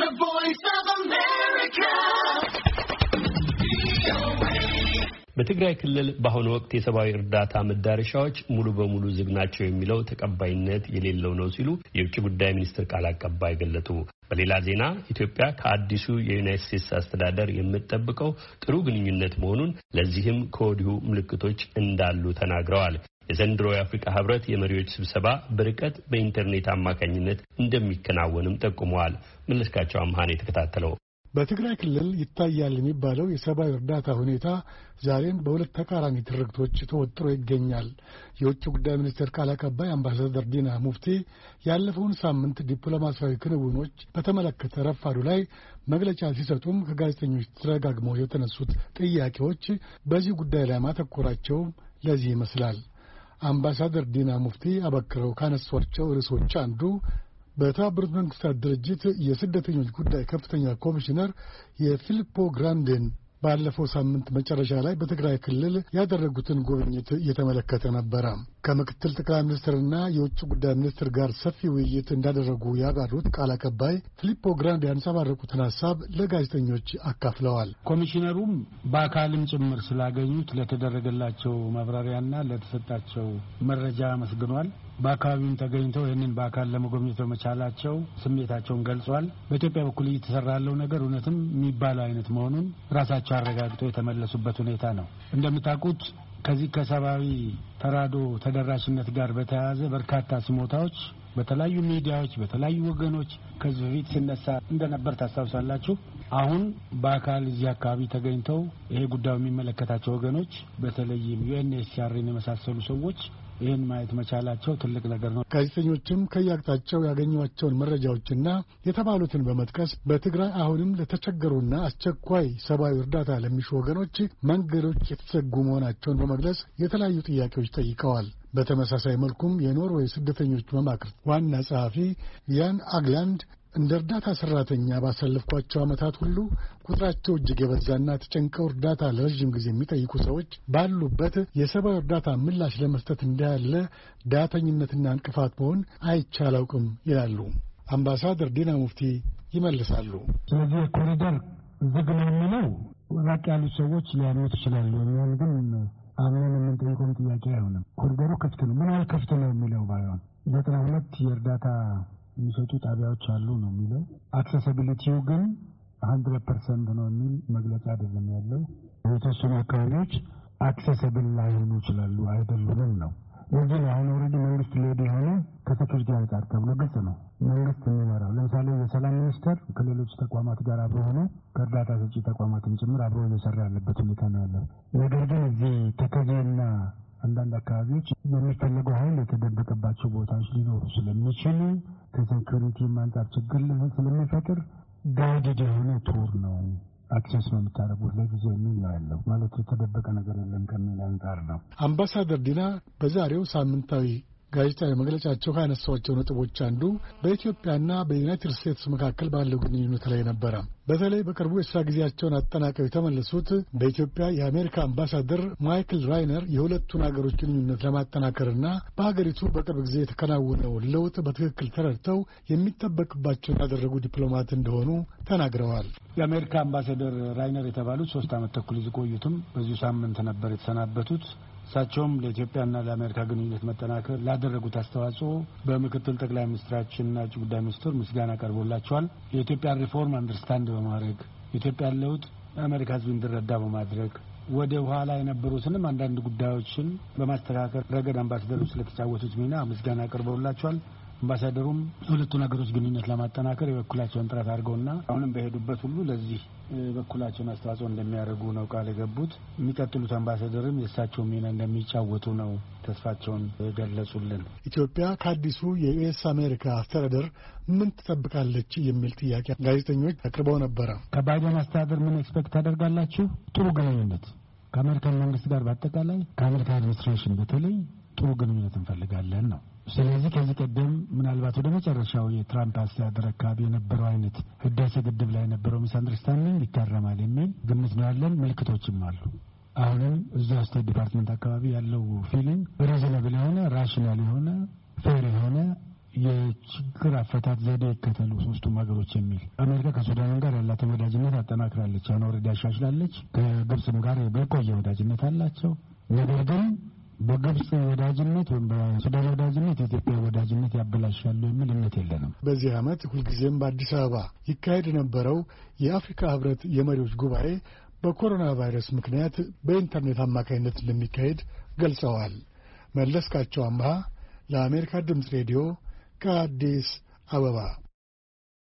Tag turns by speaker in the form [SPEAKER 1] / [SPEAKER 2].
[SPEAKER 1] The Voice of America. በትግራይ ክልል በአሁኑ ወቅት የሰብአዊ እርዳታ መዳረሻዎች ሙሉ በሙሉ ዝግ ናቸው የሚለው ተቀባይነት የሌለው ነው ሲሉ የውጭ ጉዳይ ሚኒስትር ቃል አቀባይ ገለጡ። በሌላ ዜና ኢትዮጵያ ከአዲሱ የዩናይት ስቴትስ አስተዳደር የምትጠብቀው ጥሩ ግንኙነት መሆኑን ለዚህም ከወዲሁ ምልክቶች እንዳሉ ተናግረዋል። የዘንድሮ የአፍሪካ ህብረት የመሪዎች ስብሰባ በርቀት በኢንተርኔት አማካኝነት እንደሚከናወንም ጠቁመዋል። መለስካቸው አምሃን የተከታተለው
[SPEAKER 2] በትግራይ ክልል ይታያል የሚባለው የሰብአዊ እርዳታ ሁኔታ ዛሬም በሁለት ተቃራኒ ትርክቶች ተወጥሮ ይገኛል። የውጭ ጉዳይ ሚኒስቴር ቃል አቀባይ አምባሳደር ዲና ሙፍቲ ያለፈውን ሳምንት ዲፕሎማሲያዊ ክንውኖች በተመለከተ ረፋዱ ላይ መግለጫ ሲሰጡም ከጋዜጠኞች ተደጋግመው የተነሱት ጥያቄዎች በዚህ ጉዳይ ላይ ማተኮራቸው ለዚህ ይመስላል። አምባሳደር ዲና ሙፍቲ አበክረው ካነሷቸው ርዕሶች አንዱ በተባበሩት መንግስታት ድርጅት የስደተኞች ጉዳይ ከፍተኛ ኮሚሽነር የፊሊፖ ግራንዴን ባለፈው ሳምንት መጨረሻ ላይ በትግራይ ክልል ያደረጉትን ጉብኝት እየተመለከተ ነበረ። ከምክትል ጠቅላይ ሚኒስትርና የውጭ ጉዳይ ሚኒስትር ጋር ሰፊ ውይይት እንዳደረጉ ያብራሩት ቃል አቀባይ ፊሊፖ ግራንድ
[SPEAKER 1] ያንጸባረቁትን ሀሳብ ለጋዜጠኞች አካፍለዋል። ኮሚሽነሩም በአካልም ጭምር ስላገኙት ለተደረገላቸው ማብራሪያና ለተሰጣቸው መረጃ አመስግኗል። በአካባቢውም ተገኝተው ይህንን በአካል ለመጎብኘት በመቻላቸው ስሜታቸውን ገልጿል። በኢትዮጵያ በኩል እየተሰራ ያለው ነገር እውነትም የሚባለው አይነት መሆኑን ራሳቸው አረጋግጠው የተመለሱበት ሁኔታ ነው። እንደምታውቁት ከዚህ ከሰብአዊ ተራዶ ተደራሽነት ጋር በተያያዘ በርካታ ስሞታዎች በተለያዩ ሚዲያዎች፣ በተለያዩ ወገኖች ከዚህ በፊት ሲነሳ እንደነበር ታስታውሳላችሁ። አሁን በአካል እዚህ አካባቢ ተገኝተው ይሄ ጉዳዩ የሚመለከታቸው ወገኖች በተለይም ዩኤንኤችሲአርን የመሳሰሉ ሰዎች ይህን ማየት መቻላቸው ትልቅ ነገር ነው። ጋዜጠኞችም ከየአቅጣጫው ያገኟቸውን መረጃዎችና የተባሉትን በመጥቀስ
[SPEAKER 2] በትግራይ አሁንም ለተቸገሩና አስቸኳይ ሰብአዊ እርዳታ ለሚሹ ወገኖች መንገዶች የተዘጉ መሆናቸውን በመግለጽ የተለያዩ ጥያቄዎች ጠይቀዋል። በተመሳሳይ መልኩም የኖርዌይ ስደተኞች መማክርት ዋና ጸሐፊ ያን አግላንድ እንደ እርዳታ ሠራተኛ ባሳለፍኳቸው ዓመታት ሁሉ ቁጥራቸው እጅግ የበዛና ተጨንቀው እርዳታ ለረዥም ጊዜ የሚጠይቁ ሰዎች ባሉበት የሰብአዊ እርዳታ ምላሽ ለመስጠት እንዳያለ ዳተኝነትና እንቅፋት መሆን አይቻላውቅም አላውቅም ይላሉ። አምባሳደር ዲና ሙፍቲ ይመልሳሉ።
[SPEAKER 1] ስለዚህ የኮሪደር ዝግ ነው የሚለው ራቅ ያሉት ሰዎች ሊያኖት ይችላሉ። የሚሆን ግን አብረን የምንጠይቀውም ጥያቄ አይሆንም። ኮሪደሩ ክፍት ነው። ምን ያህል ክፍት ነው የሚለው ባይሆን ዘጠና ሁለት የእርዳታ የሚሰጡ ጣቢያዎች አሉ ነው የሚለው። አክሴሲቢሊቲው ግን ሀንድረድ ፐርሰንት ነው የሚል መግለጫ አይደለም ያለው። የተወሰኑ አካባቢዎች አክሴሲብል ላይሆኑ ይችላሉ አይደሉንም ነው ለዚህ አሁን ኦልሬዲ መንግስት ሌድ የሆነ ከሴኩሪቲ አንጻር ተብሎ ግልጽ ነው። መንግስት የሚመራው ለምሳሌ የሰላም ሚኒስቴር ከሌሎች ተቋማት ጋር አብሮ ሆኖ ከእርዳታ ሰጪ ተቋማትን ጭምር አብሮ እየሰራ ያለበት ሁኔታ ነው ያለው። ነገር ግን እዚህ ተከዜና አንዳንድ አካባቢዎች የሚፈለገው ኃይል የተደበቀባቸው ቦታዎች ሊኖሩ ስለሚችሉ ከሴኩሪቲ አንጻር ችግር ስለሚፈጥር ጋይድድ የሆነ ቱር ነው አክሴስ ነው የምታደርጉት ለጊዜ የሚል ነው ያለው። ማለት የተደበቀ ነገር የለም ከሚል አንጻር ነው።
[SPEAKER 2] አምባሳደር ዲና በዛሬው ሳምንታዊ ጋዜጣዊ መግለጫቸው ካነሳቸው ነጥቦች አንዱ በኢትዮጵያና በዩናይትድ ስቴትስ መካከል ባለው ግንኙነት ላይ ነበረ። በተለይ በቅርቡ የስራ ጊዜያቸውን አጠናቀው የተመለሱት በኢትዮጵያ የአሜሪካ አምባሳደር ማይክል ራይነር የሁለቱን አገሮች ግንኙነት ለማጠናከርና በሀገሪቱ በቅርብ ጊዜ የተከናወነውን ለውጥ በትክክል ተረድተው የሚጠበቅባቸውን ያደረጉ ዲፕሎማት እንደሆኑ
[SPEAKER 1] ተናግረዋል። የአሜሪካ አምባሳደር ራይነር የተባሉት ሶስት ዓመት ተኩል ቆዩትም በዚሁ ሳምንት ነበር የተሰናበቱት። እሳቸውም ለኢትዮጵያና ለአሜሪካ ግንኙነት መጠናከር ላደረጉት አስተዋጽኦ በምክትል ጠቅላይ ሚኒስትራችንና ውጭ ጉዳይ ሚኒስትር ምስጋና ቀርቦላቸዋል። የኢትዮጵያን ሪፎርም አንደርስታንድ በማድረግ የኢትዮጵያን ለውጥ አሜሪካ ሕዝብ እንዲረዳ በማድረግ ወደ ኋላ የነበሩትንም አንዳንድ ጉዳዮችን በማስተካከል ረገድ አምባሳደሩ ስለተጫወቱት ሚና ምስጋና ቀርቦላቸዋል። አምባሳደሩም የሁለቱን ሀገሮች ግንኙነት ለማጠናከር የበኩላቸውን ጥረት አድርገውና አሁንም በሄዱበት ሁሉ ለዚህ በኩላቸውን አስተዋጽኦ እንደሚያደርጉ ነው ቃል የገቡት። የሚቀጥሉት አምባሳደርም የእሳቸው ሚና እንደሚጫወቱ ነው ተስፋቸውን የገለጹልን።
[SPEAKER 2] ኢትዮጵያ ከአዲሱ የዩኤስ አሜሪካ አስተዳደር ምን ትጠብቃለች የሚል ጥያቄ ጋዜጠኞች አቅርበው ነበረ።
[SPEAKER 1] ከባይደን አስተዳደር ምን ኤክስፔክት ታደርጋላችሁ? ጥሩ ግንኙነት ከአሜሪካን መንግስት ጋር በአጠቃላይ ከአሜሪካ አድሚኒስትሬሽን በተለይ ጥሩ ግንኙነት እንፈልጋለን ነው። ስለዚህ ከዚህ ቀደም ምናልባት ወደ መጨረሻው የትራምፕ አስተዳደር አካባቢ የነበረው አይነት ህዳሴ ግድብ ላይ የነበረው ሚስ አንደርስታንዲንግ ይታረማል የሚል ግምት ነው ያለን። ምልክቶችም አሉ። አሁንም እዚያ ስቴት ዲፓርትመንት አካባቢ ያለው ፊሊንግ ሪዝነብል የሆነ ራሽናል የሆነ ፌር የሆነ የችግር አፈታት ዘዴ ይከተሉ ሶስቱም ሀገሮች የሚል አሜሪካ ከሱዳንም ጋር ያላትን ወዳጅነት አጠናክራለች። አሁን ወረዳ ያሻሽላለች። ከግብፅም ጋር የቆየ ወዳጅነት አላቸው። ነገር ግን በግብፅ ወዳጅነት ወይም በሱዳን ወዳጅነት የኢትዮጵያ ወዳጅነት ያበላሻሉ የሚል እምነት የለንም።
[SPEAKER 2] በዚህ ዓመት ሁልጊዜም በአዲስ አበባ ይካሄድ የነበረው የአፍሪካ ህብረት የመሪዎች ጉባኤ በኮሮና ቫይረስ ምክንያት በኢንተርኔት አማካኝነት እንደሚካሄድ ገልጸዋል። መለስካቸው አምሃ ለአሜሪካ ድምፅ ሬዲዮ ከአዲስ አበባ